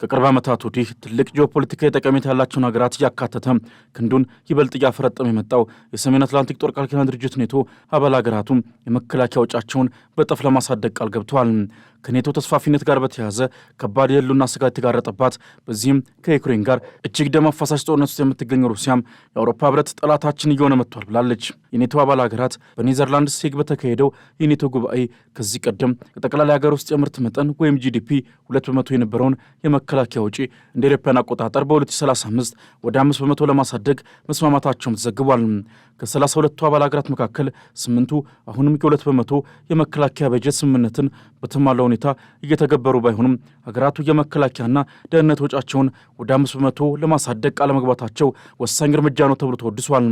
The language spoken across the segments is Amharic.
ከቅርብ ዓመታት ወዲህ ትልቅ ጂኦፖለቲካዊ ጠቀሜታ ያላቸውን ሀገራት እያካተተ ክንዱን ይበልጥ እያፈረጠመ የመጣው የሰሜን አትላንቲክ ጦር ቃል ኪዳን ድርጅት ኔቶ አባል ሀገራቱም የመከላከያ ወጫቸውን በእጥፍ ለማሳደግ ቃል ገብተዋል። ከኔቶ ተስፋፊነት ጋር በተያያዘ ከባድ የህልውና ስጋት የተጋረጠባት በዚህም ከዩክሬን ጋር እጅግ ደም አፋሳሽ ጦርነት ውስጥ የምትገኘው ሩሲያም የአውሮፓ ህብረት ጠላታችን እየሆነ መጥቷል ብላለች። የኔቶ አባል ሀገራት በኔዘርላንድስ ሄግ በተካሄደው የኔቶ ጉባኤ ከዚህ ቀደም ከጠቅላላይ ሀገር ውስጥ የምርት መጠን ወይም ጂዲፒ ሁለት በመቶ የነበረውን የመከላከያ ውጪ እንደ ኤሮፓውያን አቆጣጠር በ2035 ወደ አምስት በመቶ ለማሳደግ መስማማታቸውም ተዘግቧል። ከ32ቱ አባል ሀገራት መካከል ስምንቱ አሁንም የሁለት በመቶ የመከላከያ በጀት ስምምነትን በተሟላ ሁኔታ ሁኔታ እየተገበሩ ባይሆንም ሀገራቱ የመከላከያና ደህንነት ወጫቸውን ወደ አምስት በመቶ ለማሳደግ ቃል መግባታቸው ወሳኝ እርምጃ ነው ተብሎ ተወድሷል።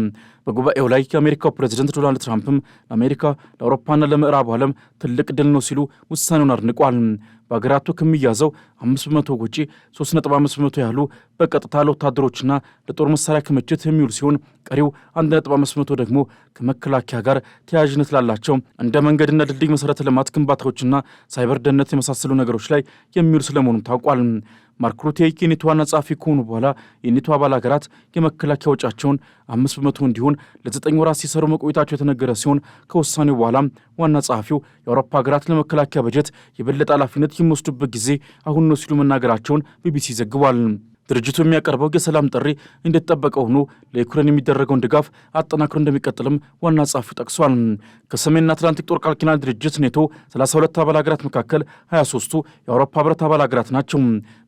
በጉባኤው ላይ የአሜሪካው ፕሬዚደንት ዶናልድ ትራምፕም ለአሜሪካ ለአውሮፓና ለምዕራቡ ዓለም ትልቅ ድል ነው ሲሉ ውሳኔውን አድንቋል። በሀገራቱ ከሚያዘው 500 ውጪ 3.5 ያህሉ በቀጥታ ለወታደሮችና ለጦር መሳሪያ ክምችት የሚውል ሲሆን ቀሪው 1.5 ደግሞ ከመከላከያ ጋር ተያያዥነት ላላቸው እንደ መንገድና ድልድይ መሰረተ ልማት ግንባታዎችና ሳይበር ደህንነት የመሳሰሉ ነገሮች ላይ የሚውል ስለመሆኑም ታውቋል። ማርክ ሩቴ የኔቶ ዋና ጸሐፊ ከሆኑ በኋላ የኔቶ አባል ሀገራት የመከላከያ ወጫቸውን አምስት በመቶ እንዲሆን ለዘጠኝ ወራት ሲሰሩ መቆየታቸው የተነገረ ሲሆን ከውሳኔው በኋላም ዋና ጸሐፊው የአውሮፓ ሀገራት ለመከላከያ በጀት የበለጠ ኃላፊነት የሚወስዱበት ጊዜ አሁን ነው ሲሉ መናገራቸውን ቢቢሲ ዘግቧል። ድርጅቱ የሚያቀርበው የሰላም ጥሪ እንደተጠበቀ ሆኖ ለዩክሬን የሚደረገውን ድጋፍ አጠናክሮ እንደሚቀጥልም ዋና ጸሐፊው ጠቅሷል። ከሰሜን አትላንቲክ ጦር ቃል ኪዳን ድርጅት ኔቶ 32 አባል ሀገራት መካከል 23ቱ የአውሮፓ ህብረት አባል ሀገራት ናቸው።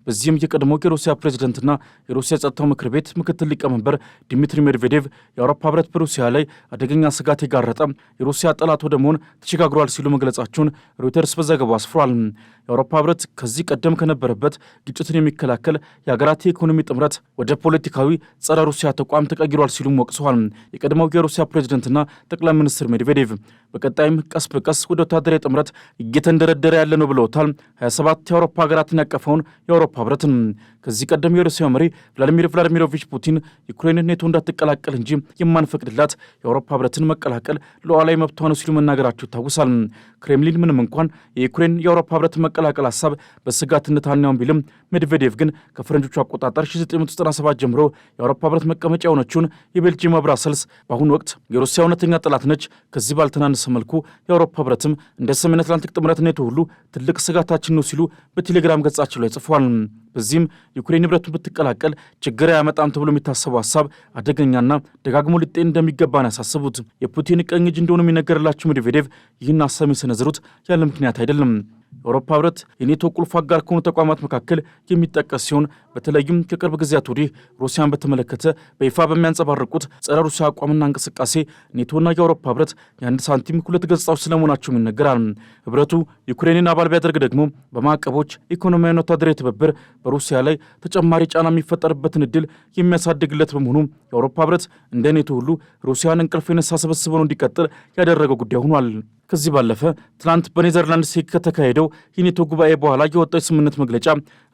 በዚህም የቀድሞ የሩሲያ ፕሬዚደንትና የሩሲያ የጸጥታው ምክር ቤት ምክትል ሊቀመንበር ዲሚትሪ ሜድቬዴቭ የአውሮፓ ህብረት በሩሲያ ላይ አደገኛ ስጋት የጋረጠ የሩሲያ ጠላት ወደ መሆን ተሸጋግሯል ሲሉ መግለጻቸውን ሮይተርስ በዘገባው አስፍሯል። የአውሮፓ ህብረት ከዚህ ቀደም ከነበረበት ግጭትን የሚከላከል የሀገራት የኢኮኖሚ ጥምረት ወደ ፖለቲካዊ ጸረ ሩሲያ ተቋም ተቀይሯል ሲሉም ወቅሰዋል። የቀድሞው የሩሲያ ፕሬዚደንትና ጠቅላይ ሚኒስትር ሜድቬዴቭ በቀጣይም ቀስ በቀስ ወደ ወታደራዊ ጥምረት እየተንደረደረ ያለ ነው ብለውታል። 27 የአውሮፓ ሀገራትን ያቀፈውን የአውሮ የአውሮፓ ከዚህ ቀደም የሩሲያ መሪ ቭላዲሚር ቭላዲሚሮቪች ፑቲን ዩክሬን ኔቶ እንዳትቀላቀል እንጂ የማንፈቅድላት የአውሮፓ ህብረትን መቀላቀል ሉዓላዊ መብቷ ነው ሲሉ መናገራቸው ይታወሳል። ክሬምሊን ምንም እንኳን የዩክሬን የአውሮፓ ህብረት መቀላቀል ሀሳብ በስጋትነት አናውም ቢልም ሜድቬዴቭ ግን ከፈረንጆቹ አቆጣጠር 1997 ጀምሮ የአውሮፓ ህብረት መቀመጫ የሆነችውን የቤልጂየም ብራሰልስ በአሁኑ ወቅት የሩሲያ እውነተኛ ጠላት ነች። ከዚህ ባልተናነሰ መልኩ የአውሮፓ ህብረትም እንደ ሰሜን አትላንቲክ ጥምረት ኔቶ ሁሉ ትልቅ ስጋታችን ነው ሲሉ በቴሌግራም ገጻቸው ላይ ጽፏል። በዚህም ዩክሬን ንብረቱን ብትቀላቀል ችግር አያመጣም ተብሎ የሚታሰበው ሀሳብ አደገኛና ደጋግሞ ሊጤን እንደሚገባን ያሳስቡት የፑቲን ቀኝ እጅ እንደሆኑ የሚነገርላቸው ሜድቬዴቭ ይህን ሀሳብ የሰነዝሩት ያለ ምክንያት አይደለም። በአውሮፓ ህብረት የኔቶ ቁልፍ አጋር ከሆኑ ተቋማት መካከል የሚጠቀስ ሲሆን በተለይም ከቅርብ ጊዜያት ወዲህ ሩሲያን በተመለከተ በይፋ በሚያንጸባርቁት ጸረ ሩሲያ አቋምና እንቅስቃሴ ኔቶና የአውሮፓ ህብረት የአንድ ሳንቲም ሁለት ገጽታዎች ስለመሆናቸውም ይነገራል። ህብረቱ ዩክሬንን አባል ቢያደርግ ደግሞ በማዕቀቦች ኢኮኖሚያዊና ወታደራዊ ትብብር በሩሲያ ላይ ተጨማሪ ጫና የሚፈጠርበትን እድል የሚያሳድግለት በመሆኑ የአውሮፓ ህብረት እንደ ኔቶ ሁሉ ሩሲያን እንቅልፍ የነሳ ስብስብ እንዲቀጥል ያደረገው ጉዳይ ሆኗል። ከዚህ ባለፈ ትናንት በኔዘርላንድስ ከተካሄደው የኔቶ ጉባኤ በኋላ የወጣው የስምምነት መግለጫ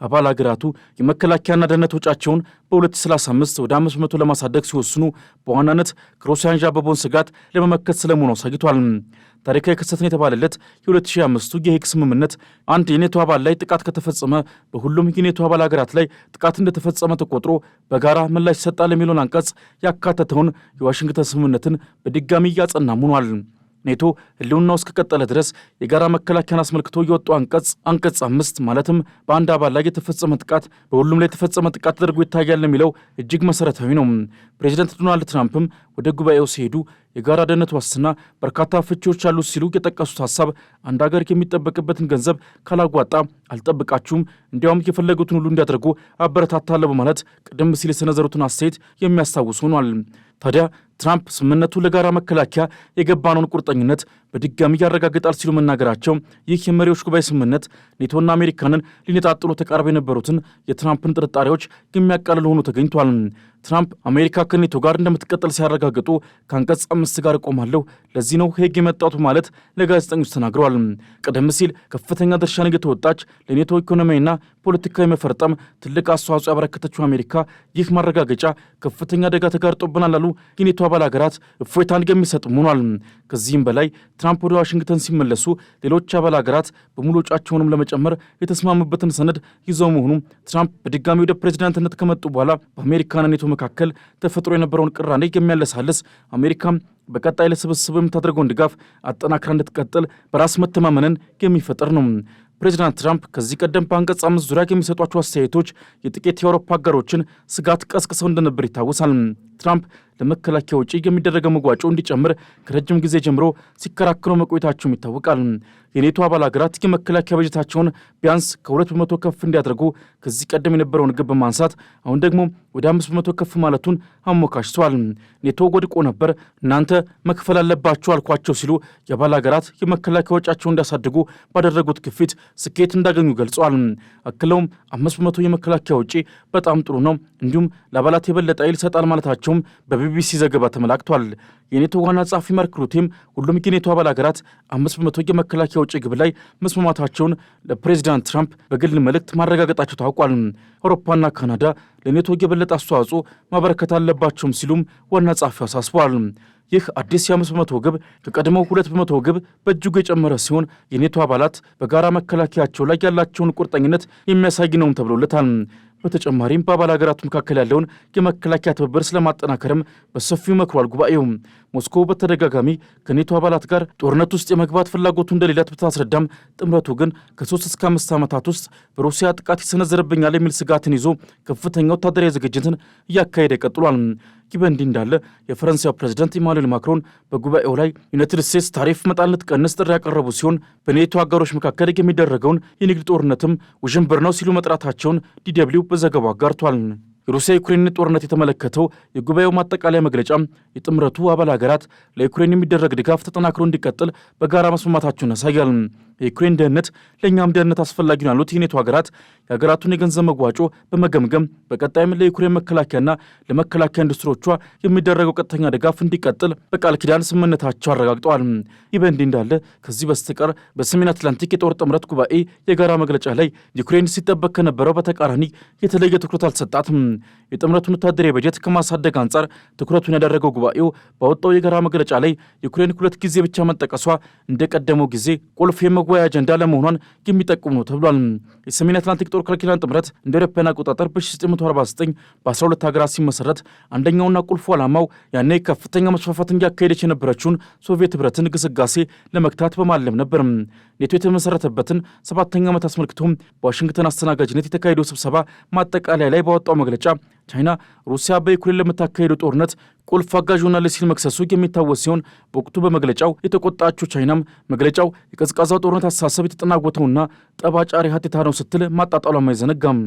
አባል ሀገራቱ የመከላከያና ደህንነት ወጫቸውን በ2035 ወደ 500 ለማሳደግ ሲወስኑ በዋናነት ከሩሲያ አንዣበበውን ስጋት ለመመከት ስለመሆኑ አሳይቷል። ታሪካዊ ክስተትን የተባለለት የ2005ቱ የሄግ ስምምነት አንድ የኔቶ አባል ላይ ጥቃት ከተፈጸመ በሁሉም የኔቶ አባል ሀገራት ላይ ጥቃት እንደተፈጸመ ተቆጥሮ በጋራ ምላሽ ይሰጣል የሚለውን አንቀጽ ያካተተውን የዋሽንግተን ስምምነትን በድጋሚ እያጸና ሙኗል። ኔቶ ህልውናው እስከቀጠለ ድረስ የጋራ መከላከያን አስመልክቶ የወጡ አንቀጽ አንቀጽ አምስት ማለትም በአንድ አባል ላይ የተፈጸመ ጥቃት በሁሉም ላይ የተፈጸመ ጥቃት ተደርጎ ይታያል የሚለው እጅግ መሰረታዊ ነው። ፕሬዚደንት ዶናልድ ትራምፕም ወደ ጉባኤው ሲሄዱ የጋራ ደህንነት ዋስትና በርካታ ፍቺዎች አሉት ሲሉ የጠቀሱት ሀሳብ አንድ ሀገር የሚጠበቅበትን ገንዘብ ካላጓጣ አልጠብቃችሁም፣ እንዲያውም የፈለጉትን ሁሉ እንዲያደርጉ አበረታታለሁ በማለት ቀደም ሲል የሰነዘሩትን አስተያየት የሚያስታውስ ሆኗል። ታዲያ ትራምፕ ስምምነቱ ለጋራ መከላከያ የገባነውን ቁርጠኝነት በድጋሚ ያረጋግጣል ሲሉ መናገራቸው ይህ የመሪዎች ጉባኤ ስምምነት ኔቶና አሜሪካንን ሊነጣጥሉ ተቃርበ የነበሩትን የትራምፕን ጥርጣሬዎች የሚያቃልል ሆኖ ተገኝቷል። ትራምፕ አሜሪካ ከኔቶ ጋር እንደምትቀጠል ሲያረጋግጡ ከአንቀጽ አምስት ጋር እቆማለሁ፣ ለዚህ ነው ሄግ የመጣቱ ማለት ለጋዜጠኞች ተናግረዋል። ቀደም ሲል ከፍተኛ ድርሻን እየተወጣች ለኔቶ ኢኮኖሚያዊና ፖለቲካዊ መፈርጠም ትልቅ አስተዋጽኦ ያበረከተችው አሜሪካ ይህ ማረጋገጫ ከፍተኛ አደጋ ተጋርጦብናል አሉ የኔቶ አባል ሀገራት እፎይታ የሚሰጥ ሆኗል። ከዚህም በላይ ትራምፕ ወደ ዋሽንግተን ሲመለሱ ሌሎች አባል ሀገራት በሙሉ ወጫቸውንም ለመጨመር የተስማሙበትን ሰነድ ይዘው መሆኑ ትራምፕ በድጋሚ ወደ ፕሬዚዳንትነት ከመጡ በኋላ በአሜሪካና ኔቶ መካከል ተፈጥሮ የነበረውን ቅራኔ የሚያለሳልስ አሜሪካም በቀጣይ ለስብስብ የምታደርገውን ድጋፍ አጠናክራ እንድትቀጥል በራስ መተማመንን የሚፈጥር ነው። ፕሬዚዳንት ትራምፕ ከዚህ ቀደም በአንቀጽ አምስት ዙሪያ የሚሰጧቸው አስተያየቶች የጥቂት የአውሮፓ ሀገሮችን ስጋት ቀስቅሰው እንደነበር ይታወሳል። ትራምፕ ለመከላከያ ውጪ የሚደረገው መጓጮ እንዲጨምር ከረጅም ጊዜ ጀምሮ ሲከራከሩ መቆየታቸውም ይታወቃል። የኔቶ አባል ሀገራት የመከላከያ በጀታቸውን ቢያንስ ከሁለት በመቶ ከፍ እንዲያደርጉ ከዚህ ቀደም የነበረውን ግብ በማንሳት አሁን ደግሞ ወደ አምስት በመቶ ከፍ ማለቱን አሞካሽተዋል። ኔቶ ወድቆ ነበር፣ እናንተ መክፈል አለባችሁ አልኳቸው ሲሉ የአባል ሀገራት የመከላከያ ወጪያቸውን እንዲያሳድጉ ባደረጉት ግፊት ስኬት እንዳገኙ ገልጸዋል። አክለውም አምስት በመቶ የመከላከያ ውጪ በጣም ጥሩ ነው፣ እንዲሁም ለአባላት የበለጠ ይል ይሰጣል ማለታቸው መሆናቸውም በቢቢሲ ዘገባ ተመላክቷል። የኔቶ ዋና ጸሐፊ ማርክ ሩቴም ሁሉም የኔቶ አባል ሀገራት አምስት በመቶ የመከላከያ ውጭ ግብ ላይ መስማማታቸውን ለፕሬዚዳንት ትራምፕ በግል መልእክት ማረጋገጣቸው ታውቋል። አውሮፓና ካናዳ ለኔቶ የበለጠ አስተዋጽኦ ማበረከት አለባቸውም ሲሉም ዋና ጸሐፊው አሳስበዋል። ይህ አዲስ የአምስት በመቶ ግብ ከቀድሞው ሁለት በመቶ ግብ በእጅጉ የጨመረ ሲሆን የኔቶ አባላት በጋራ መከላከያቸው ላይ ያላቸውን ቁርጠኝነት የሚያሳይ ነውም ተብሎለታል። በተጨማሪም በአባል ሀገራቱ መካከል ያለውን የመከላከያ ትብብር ስለማጠናከርም በሰፊው መክሯል ጉባኤውም ሞስኮ በተደጋጋሚ ከኔቶ አባላት ጋር ጦርነት ውስጥ የመግባት ፍላጎቱ እንደሌላት ብታስረዳም ጥምረቱ ግን ከሶስት እስከ አምስት ዓመታት ውስጥ በሩሲያ ጥቃት ይሰነዘርብኛል የሚል ስጋትን ይዞ ከፍተኛ ወታደራዊ ዝግጅትን እያካሄደ ቀጥሏል። ይህ በእንዲህ እንዳለ የፈረንሳዩ ፕሬዚደንት ኢማኑኤል ማክሮን በጉባኤው ላይ ዩናይትድ ስቴትስ ታሪፍ መጣልነት ቀንስ ጥሪ ያቀረቡ ሲሆን በኔቶ አጋሮች መካከል የሚደረገውን የንግድ ጦርነትም ውዥንብር ነው ሲሉ መጥራታቸውን ዲደብሊው በዘገባው አጋርቷል። የሩሲያ ዩክሬንን ጦርነት የተመለከተው የጉባኤው ማጠቃለያ መግለጫ የጥምረቱ አባል ሀገራት ለዩክሬን የሚደረግ ድጋፍ ተጠናክሮ እንዲቀጥል በጋራ መስማማታቸውን ያሳያል። የዩክሬን ደህንነት ለእኛም ደህንነት አስፈላጊ ነው ያሉት የኔቶ ሀገራት የሀገራቱን የገንዘብ መዋጮ በመገምገም በቀጣይም ለዩክሬን መከላከያና ለመከላከያ ኢንዱስትሪዎቿ የሚደረገው ቀጥተኛ ድጋፍ እንዲቀጥል በቃል ኪዳን ስምምነታቸው አረጋግጠዋል። ይህ በእንዲህ እንዳለ ከዚህ በስተቀር በሰሜን አትላንቲክ የጦር ጥምረት ጉባኤ የጋራ መግለጫ ላይ ዩክሬን ሲጠበቅ ከነበረው በተቃራኒ የተለየ ትኩረት አልሰጣትም። የጥምረቱን ወታደራዊ በጀት ከማሳደግ አንጻር ትኩረቱን ያደረገው ጉባኤው ባወጣው የጋራ መግለጫ ላይ ዩክሬን ሁለት ጊዜ ብቻ መጠቀሷ እንደቀደመው ጊዜ ቁልፍ የመ መወያያ አጀንዳ ለመሆኗን የሚጠቁም ነው ተብሏል። የሰሜን አትላንቲክ ጦር ቃል ጥምረት እንደ አውሮፓውያን አቆጣጠር በ1949 በ12 ሀገራት ሲመሰረት አንደኛውና ቁልፉ ዓላማው ያኔ ከፍተኛ መስፋፋትን እያካሄደች የነበረችውን ሶቪየት ህብረትን ግስጋሴ ለመግታት በማለም ነበር። ኔቶ የተመሰረተበትን ሰባተኛ ዓመት አስመልክቶም በዋሽንግተን አስተናጋጅነት የተካሄደው ስብሰባ ማጠቃለያ ላይ ባወጣው መግለጫ ቻይና ሩሲያ በዩክሬን ለምታካሄደው ጦርነት ቁልፍ አጋዥ ሆናለች ሲል መክሰሱ የሚታወስ ሲሆን በወቅቱ በመግለጫው የተቆጣችው ቻይናም መግለጫው የቀዝቃዛው ጦርነት አስተሳሰብ የተጠናወተውና ጠባጫሪ ሀተታ ነው ስትል ማጣጣሏም አይዘነጋም።